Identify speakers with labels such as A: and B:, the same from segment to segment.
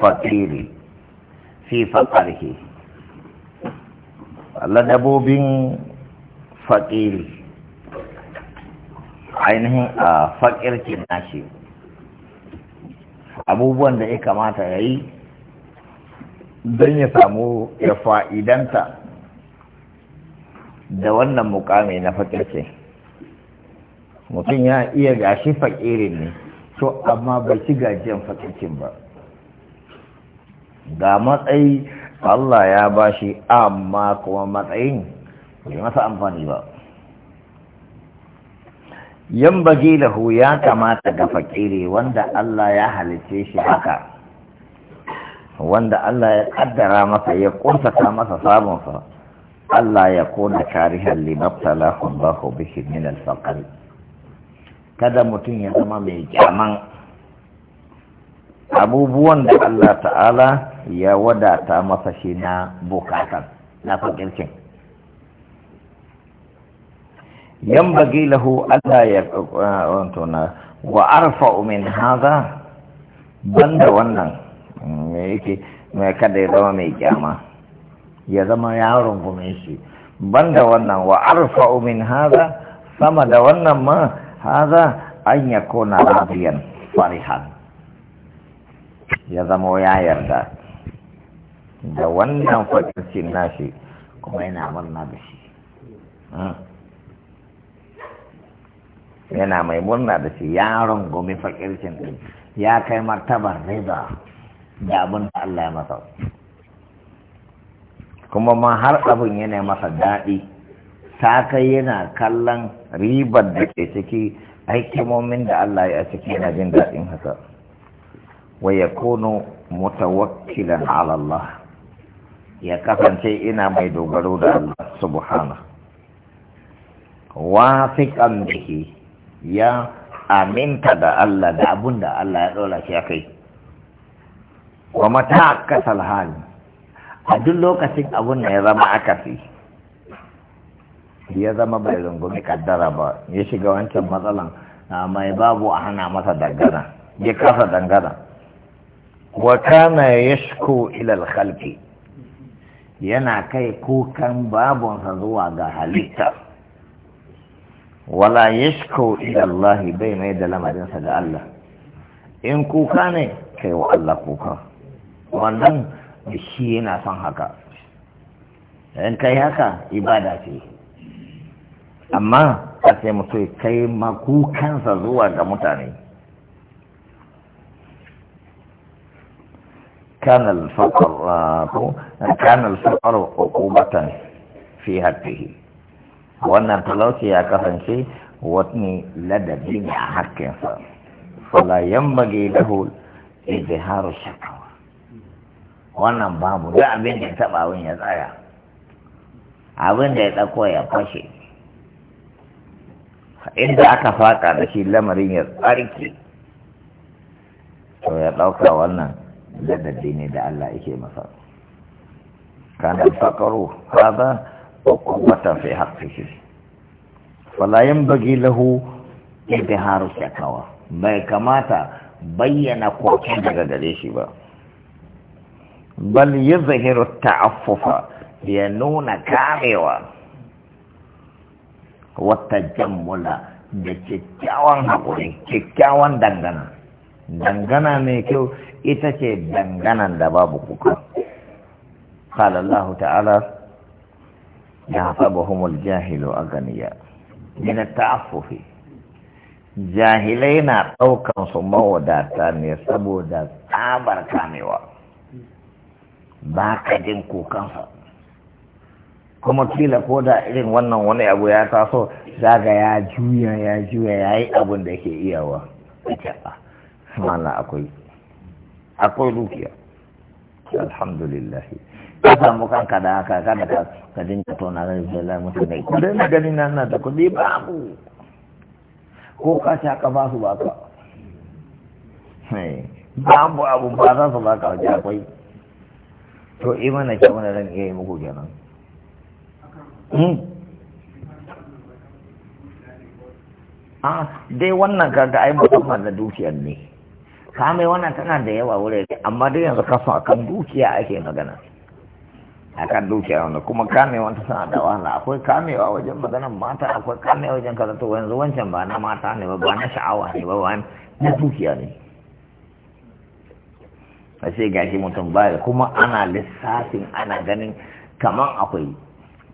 A: fakiri fi faƙarhe ladabobin fakiri ainihin a fakirkin nashi abubuwan da ya kamata ya yi don ya samu ya fa'idanta da wannan mukami na faƙirki. mutum ya iya gashi fakirin ne to amma bai ci gajiyan faƙirki ba ga matsayi Allah ya ba shi amma kuma matsayin bai masa amfani ba yan bagi lahu ya kamata ga fakiri wanda Allah ya halice shi haka wanda Allah ya kaddara masa ya kuntata masa sabonsa Allah ya kona karihan ba ko bishin minal fakari. kada mutum ya zama mai kyaman abubuwan da Allah ta'ala ya wadata masa shi na bukatan na fakircin yan bagi lahu Allah ya uh, wantona wa arfa min haza banda wannan mai mm, kada ya zama mai kyama ya zama yaron rungume shi banda wannan wa arfa min haza sama da wannan ma haza an yakuna rabiyan farihan ya zama ya yarda da wannan fatarcin nashi kuma yana murna da shi hmm. yana mai murna da shi yaron gome fakircin din ya kai martabar riba da abin da Allah ya masa kuma ma har abin yana masa daɗi ta kai yana kallon ribar da ke ciki aikimomin da Allah ya ciki yana jin daɗin haka. wa ya kono mutawakkilan Allah ya kasance ina mai dogaro da Allah subhana wa fiƙan ya aminta da Allah da abunda Allah ya ɗola shi ya ta wa mata kasal hali a duk lokacin abun da ya zama aka fi ya zama bai rungumi kaddara ba ya shiga wancan matsalan na mai babu a hana masa dangana ya kasa dangana wa kana yashku ila al yana kai kukan sa zuwa ga halitta wala yashku ila Allah bai mai da lamarinsa ga Allah in kuka ne kai wa Allah kuka wannan shi yana son haka in kai haka ibada ce amma a sai mutum kai makukansa zuwa ga mutane كان الفقر كان الفقر عقوبة في حقه wannan talauci ya kasance wani ladabi ne a hakkinsa fala yambage lahu izharu shakawa wannan babu duk abin da ya taba abin ya tsaya abin da ya tsako ya fashe inda aka faka da shi lamarin ya tsarki to ya dauka wannan ladabi ne da Allah yake masa kana faqaru hada uqbatan fi haqqihi fala bagi lahu idharu shakawa bai kamata bayyana koke daga gare shi ba bal yuzhiru ta'affufa ya nuna karewa. wata jammula da kyakkyawan haƙuri kyakkyawan dangana dangana mai kyau ita ce dangana da babu kuka qala allah ta'ala ya habahumul jahilu aganiya min ta'affufi jahilaina daukan su mawadata ne saboda tabar kamewa ba ka din kukan kuma kila ko da irin wannan wani abu ya taso zaga ya juya ya juya yayi abun da yake iya ta ba mana akwai akwai dukiya alhamdulillah ka samu kada da haka kada ka ka tona ga zalla mutane ko da na gani na da kudi babu ko ka ta ka ba su ba baka babu abu ba za su ba ka waje akwai to imana ke wani ran iya yi muku kenan hmm? a ah, dai wannan kaga ai musamman da dukiyar ne kamai wannan tana da yawa wurare amma dai yanzu kasu kan dukiya ake magana A kan dukiya wanda kuma kamewa ta sana da wahala akwai kamewa wajen magana mata akwai kamewa wajen kaza to yanzu wancan ba na mata ne ba ba na sha'awa ne ba na dukiya ne a sai gashi mutum baya kuma ana lissafin ana ganin kaman akwai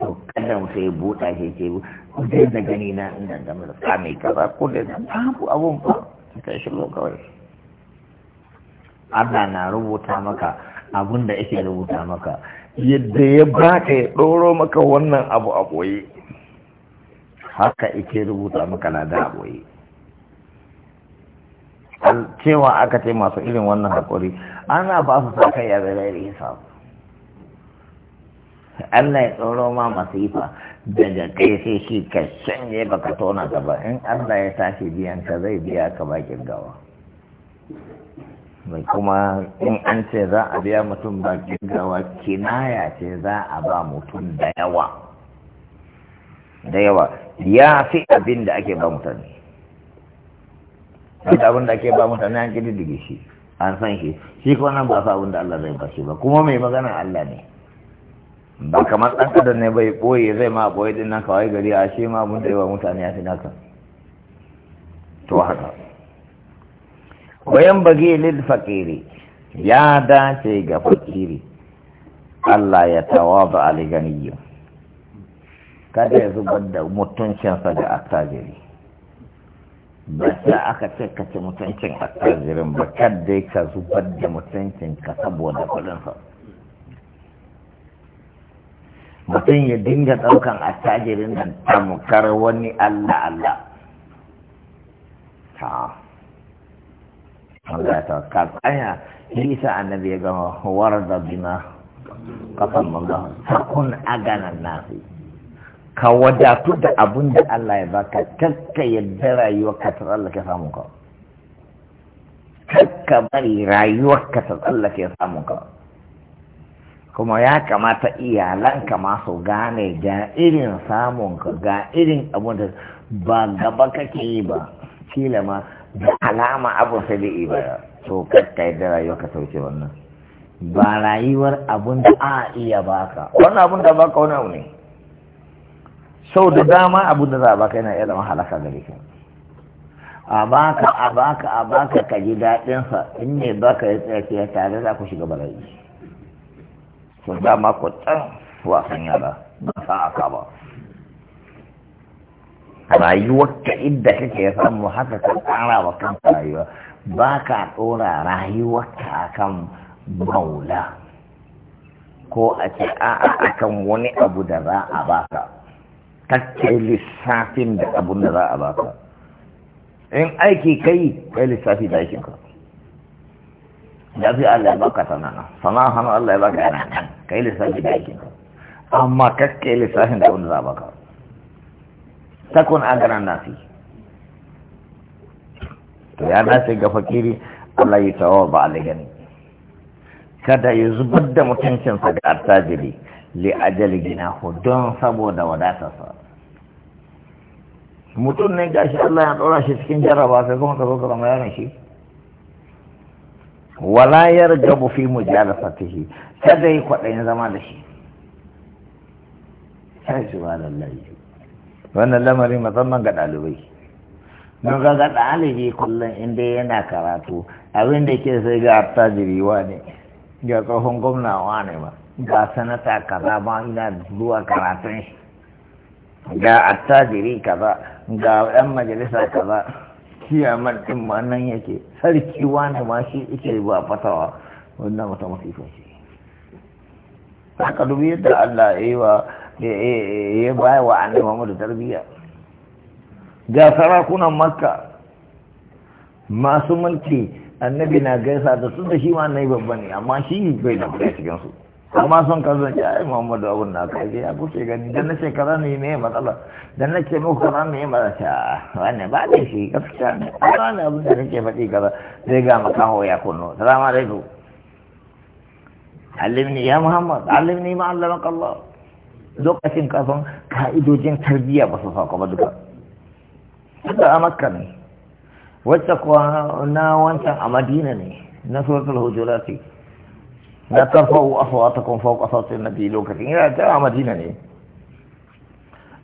A: to kada mu sai buɗa shi ce ku dai da gani na inda da mu kame kaza ko da babu abun ba ta shi lokaci Allah na rubuta maka abin da yake rubuta maka yadda ya baka ya ɗoro maka wannan abu a ɓoye haka yake rubuta maka na da ɓoye cewa aka ce masu irin wannan haƙuri ana ba su sa kai a zarar isa Allah ya tsoro ma masifa daga kai sai shi ka shanye baka tona gaba in Allah ya tashi biyan ka zai biya ka bakin gawa mai kuma in an ce za a biya mutum ba gawa kinaya ce za a ba mutum da yawa da yawa ya fi abin da ake ba mutane da abin da ake ba mutane an kididdige shi an san shi shi kuma nan ba sa abin da Allah zai bashi ba kuma mai magana Allah ne ba kamar ɗan adam ne bai ɓoye zai ma ɓoye din nan kawai gari a shi ma abin da yawa mutane ya fi naka to haka wayan bage lil fakiri ya dace ga fakiri Allah ya tawaba aliganiyu kada ya zubar da mutuncinsa ga attajiri ba sai aka ce ka ci mutuncin attajirin ba kada ka zubar da mutuncin ka saboda kudinsa mutum ya dinga daukan attajirin nan tamkar wani Allah Allah ta Allah ka tsaya annabi ya gama da bima kafan sakun aganan nasi ka wadatu da abun da Allah ya baka kakka yadda rayuwar ka ta tsallake samun ka kakka bari rayuwar ka ta tsallake samun ka kuma ya kamata iyalan iyalanka masu gane ga irin samun ka ga irin abun da ba gaba kake yi ba kila ma da alama abu sai iya ba to kakka yadda rayuwa ka sauke wannan ba rayuwar abun da a iya baka wannan abun da baka wani abu ne sau da dama abun da za a baka yana iya zama halaka gare ka a baka a baka a baka ka ji daɗinsa in ne baka ya tsaya ya tare za ku shiga barayi. to dama ku tsan wasan yara ba sa aka ba rayuwar ka inda kake samu haka ka tsara wa kanka rayuwa ba ka tsora rayuwar ka kan maula ko a ce a'a kan wani abu da za a baka kake lissafin da abun da za a baka in aiki kai kai lissafi da aikin ka da fi Allah ya baka sana'a sana hannu Allah ya baka yana nan kai lissafi da aikin ka amma kake lissafin da abun da za a baka takun garan nasi to ya nasi ga fakiri Allah ya tawo ba aligani kada ya zubar da mutuncinsa ga attajiri li ajali ginahu don saboda wadatarsa mutum ne gashi Allah ya ɗora shi cikin jarraba sai kuma ka zo ka zama yaron shi wala mu fi fatihi kada yi kwaɗayin zama da shi sai subhanallahi wannan lamarin musamman ga ɗalibai don ga ɗalibi kullum inda yana karatu abin da ke sai ga attajiriwa ne ga tsohon gwamnawa ne ba ga sanata kaza ma ina zuwa karatun shi ga attajiri kaza ga 'yan majalisa kaza kiyaman ɗin ma nan yake sarki wani ma shi ike ba fatawa wannan wata masifa ce haka dubi yadda Allah ya yi wa ya eh, baya eh, eh, wa annabi Muhammadu tarbiyya ga sarakunan makka masu mulki annabi na gaisa da su da shi ma annabi babba ne amma shi bai da kuɗi cikin su amma son ka zan ai Muhammadu abun na ka je ya kuke gani dan na shekara ne me matsala dan na ce muku kaza me matsala wannan ba da shi gaskiya ne amma na abun da nake faɗi kaza zai ga makaho ya kunno salamu alaikum علمني يا محمد علمني ما علمك الله lokacin kafin ka'idojin tarbiyya ba su faƙo ba duka duka a makka ne wacce kuwa na wancan a madina ne na suratul hujurati na tarfa'u aswatakum fawqa na biyu lokacin yana ta a madina ne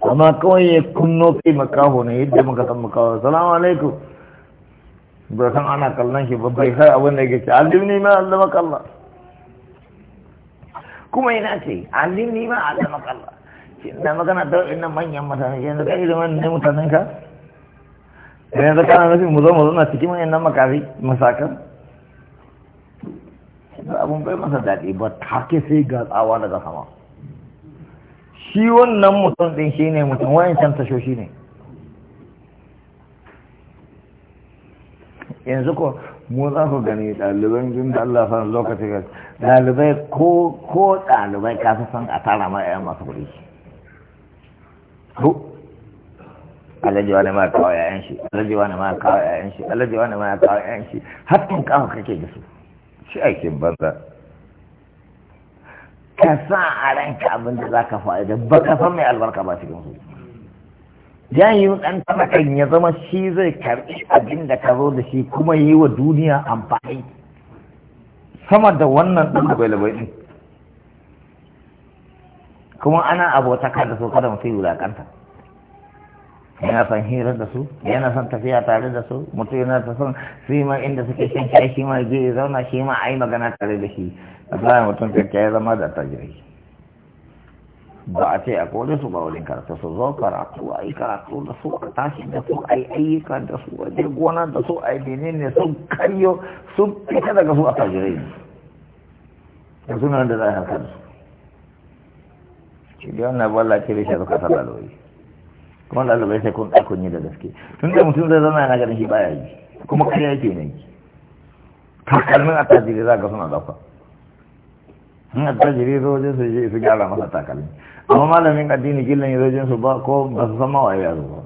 A: amma kawai ya kunno kai makaho ne yadda muka san makaho salamu alaikum bai san ana kallon shi babbai sai abin da yake ce alimni ma allama kallah kuma yana ce ni ma a zama kalla da magana da wa'annan manyan mutane yanzu kai da wannan mutanen ka yanzu kana nufin mu zo mu zauna cikin nan makafi masakan abun bai masa daɗi ba take sai ga tsawa daga sama shi wannan mutum ɗin shi ne mutum wayancan tashoshi ne yanzu ko mu za ku gani ɗaliban jin da Allah san lokaci ga ɗalibai ko ko ɗalibai ka fi san a tara ma ƴaƴan masu kuɗi ko alaji wani ma kawo ƴaƴan shi alaji wani ma kawo ƴaƴan shi alaji wani ma kawo ƴaƴan shi har tun kawo kake da su shi aikin banza ka sa a ranka abin da za ka fa'ida ba ka san mai albarka ba cikin su jahilin ɗan tabakan ya zama shi zai karɓi abin da ka zo da shi kuma yi wa duniya amfani sama da wannan ɗan labai-labai ɗin kuma ana abota da su kada mutum yi wulaƙanta. yana son hirar da su yana son tafiya tare da su mutum yana ta son su ma inda suke shan shi ma ya zauna shi ma a yi magana tare da shi a mutum ya zama da tajirai ba a ce a kone su ba wani karta su zo karatu a yi karatu da su a tashi da su a yi ayyuka da su a je gona da su a yi bene ne sun karyo sun fita daga su a fajirai ne da suna da zai harkar su shi biyan na balla ce da shi suka sa dalibai kuma dalibai sai kun ɗakun yi da gaske tun da mutum zai zama yana ganin shi baya yi kuma kariya ke ne takalmin a tajiri za ka suna ɗauka in attajiri zojin su je su gyara masa takalmi amma malamin addini gillan zojin su ba ko ba su san mawaye ya zuwa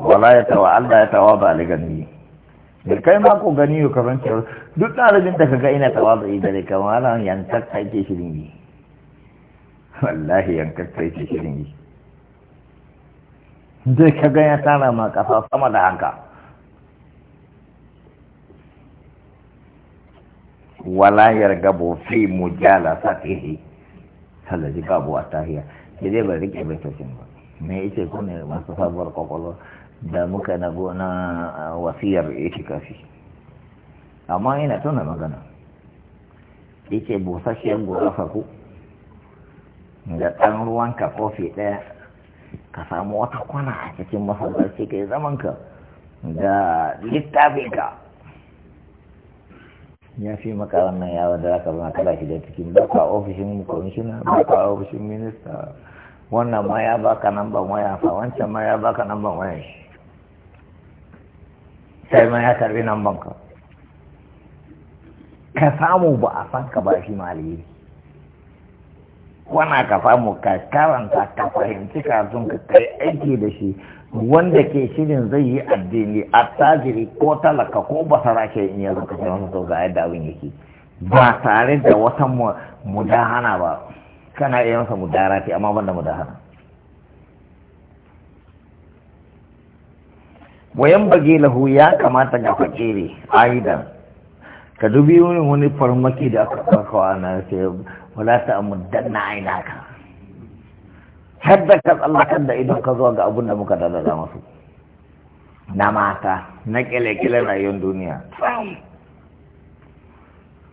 A: wala ya tawa Allah ya tawa ba ali gani da kai ma ko gani yau kaman cewa duk ɗalibin da kaga ina tawa ba idare kamar malam yankakka yake shirin yi wallahi yankakka yake shirin yi zai kaga ya tana ma kafa sama da haka wala yargabu fi mujalasatihi sallaji babu atahiya sai dai ba rike baitocin ba me yace ku ne masu sabuwar kwakwalwa da muka na gona wasiyar yake kafi amma ina tuna magana yace busasshiyar gurafa ku da ɗan ka kofi ɗaya ka samu wata kwana a cikin masallaci kai ka da littafin ka. ya fi maka wannan yawon da aka zama kada da cikin baka ofishin komishina baka ofishin minista wannan ma ya baka nan ban waya fa wancan ma ya baka nan ban waya shi sai ma ya karbi nan ban ka ka samu ba a san ka ba shi maliyi wana ka samu ka karanta ka fahimci kafin ka kai aiki da shi wanda ke shirin zai yi addini attajiri ko talaka ko basara ke in yanzu kafin wani masa ga yadda abin yake ba tare da wata mudahana ba kana iya masa ce amma banda mudahana wayan bage lahu ya kamata ga fakiri aidan ka dubi wani wani farmaki da aka kawo na sai wala ta aina ainaka Hadda da ka tsallakar da idan ka zuwa ga abun da muka da masu na mata na kile-kile rayuwar duniya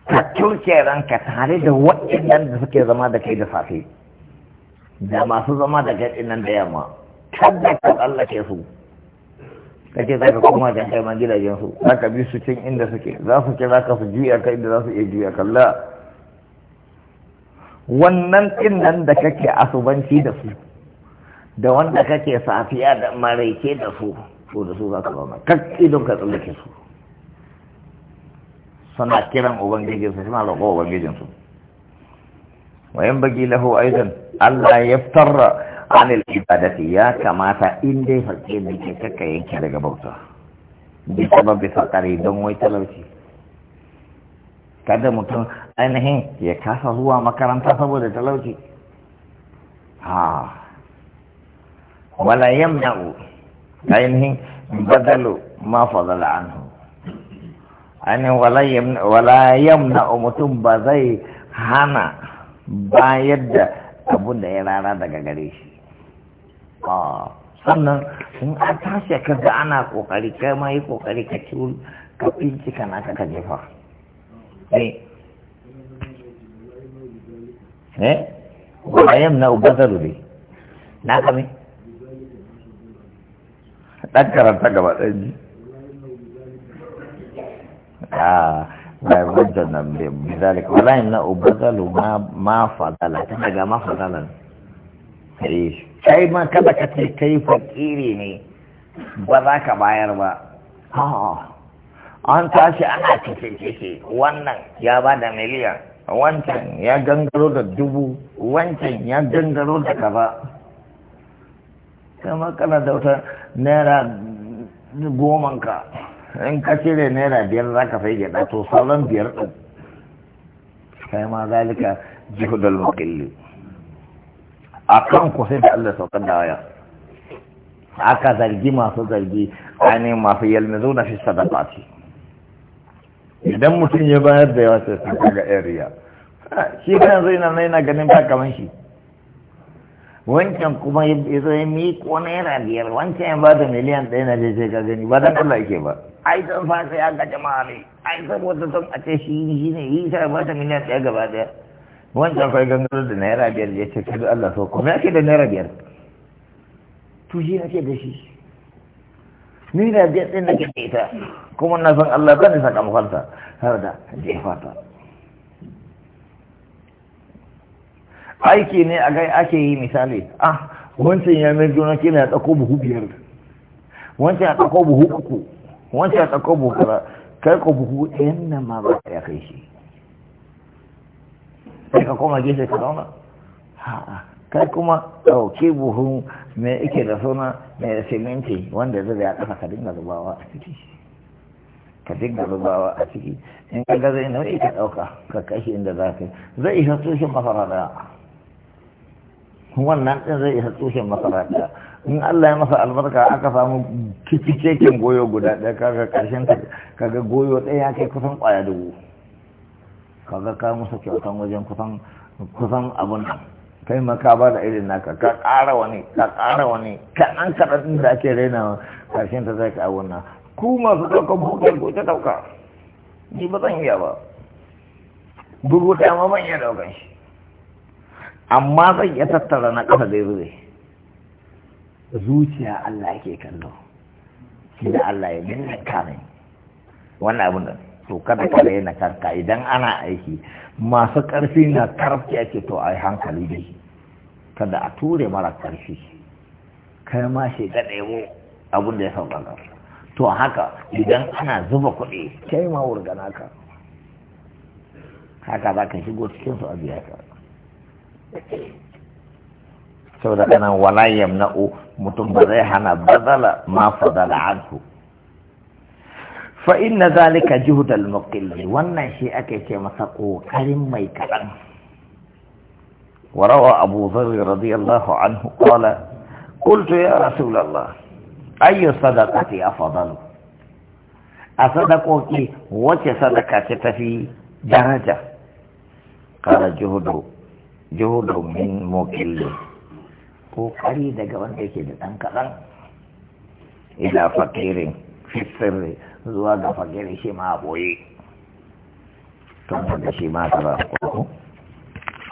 A: ka kyauce ranka tare da waɗannan da suke zama da kai da safe da masu zama da kai nan da yamma kada ka tsallake su ka ce za ka koma da kai ma gidajen su za ka bi su cin inda suke za su kira ka su juya ka inda za su iya juya kalla wannan ɗin da kake asubanci da su da wanda kake safiya da maraice da su to da su za ka zama kak idon ka tsallake su suna kiran ubangijinsu, suna roƙo ubangijinsu. wayan bagi lahu aizan Allah ya fitarra anil ibadati ya kamata in dai farke da ke kaka yanke daga bauta bi sababi ƙari don wai talauci kada mutum ainihin ya kasa zuwa makaranta saboda talauci ha wala yamna'u ainihin badalu ma fadala anhu ainihin wala yamna'u mutum ba zai hana bayar da abun da ya rara daga gare shi sannan in an tashi ka ga ana kokari kai ma yi kokari ka ci ka bincika naka ka jefa eh. eh wa na ubadaru dai na kame dan karanta gaba ɗan ji a ah, bai wajen nan bai bizalik wala yamna ubadaru ma fadala ta daga ma fadala ne eh, kai ma kada ka ce kai fakiri ne ba za ka bayar ba ah, an tashi ana cikin ciki wannan ya ba da miliyan wancan ya gangaro da dubu wancan ya gangaro da kaza kama kana da wata naira goma ka in ka cire naira biyar za ka fai gida to sauran biyar ɗin kai ma zalika jihudal makilli a kan ku sai da Allah saukar da waya aka zargi masu zargi ainihin masu yalmizu na fi sadaqati idan mutum ya bayar da yawa sai sun kaga area shi kan zai na yana ganin ba kamar shi wancan kuma ya zo ko miƙo naira biyar wancan ya ba da miliyan ɗaya na je ka gani ba dan Allah yake ba ai san fasa ya ga jama'a ne ai san wata son a ce shi shi ne yi sai ba ta miliyan ɗaya gaba ɗaya wancan kai gangar da naira biyar ya ce kada Allah so kuma yake da naira biyar to shi yake da shi ni na je din na kike ta kuma na san Allah zan saka mafalta har da jefa ta aiki ne a gai ake yi misali ah wancan ya mai juna ke na tsako buhu biyar wancan ya tsako buhu uku wancan ya tsako buhu kara kai ko buhu ɗayan nan ma ba ya kai shi sai ka koma gefe ka zauna Ha'a. kai kuma ɗauke buhun mai ike da suna mai siminti wanda zai ya ƙasa ka dinga zubawa a ciki ka dinga zubawa a ciki in ka ga zai nau'i ka ɗauka ka kashi inda za ka zai isa tushen masara ɗaya wannan ɗin zai isa tushen masara ɗaya in Allah ya masa albarka aka samu kicicekin goyo guda ɗaya kaga ƙarshen kaga goyo ɗaya kai kusan ƙwaya dubu kaga ka musu kyautan wajen kusan kusan abun nan kai ma ka ba da irin naka ka ƙara wani ka ƙara wani Ka kaɗan kaɗan da ake wa ƙarshen ta zai kawo na ku masu ɗaukar buɗe ko ta ɗauka ni ba zan iya ba bugu ta ma ban iya ɗaukan shi amma zan iya tattara na ƙasa da zube zuciya Allah yake kallo shi da Allah ya dinga kare. wannan abin da to kada ka raina karka idan ana aiki masu ƙarfi na karfi ake to a hankali dai kada a ture mara ƙarfi kai ma shi ga ɗaya abin da ya sauƙaƙa to haka idan ana zuba kuɗi kai ma wurgana ka haka za ka shigo cikin su a biya ka sau da kanan wala yamna'u mutum ba zai hana bazala ma fadala anhu fa inna zalika juhdal muqilli wannan shi ake ce masa kokarin mai kaɗan وروى أبو ذر رضي الله عنه قال قلت يا رسول الله أي صدقة أفضل أصدقك وجه صدقة تفي درجة قال جهد جهد من مكل kokari daga wanda yake da ɗan kaɗan ila fakirin fisirri zuwa ga fakirin shi ma a ɓoye tun da shi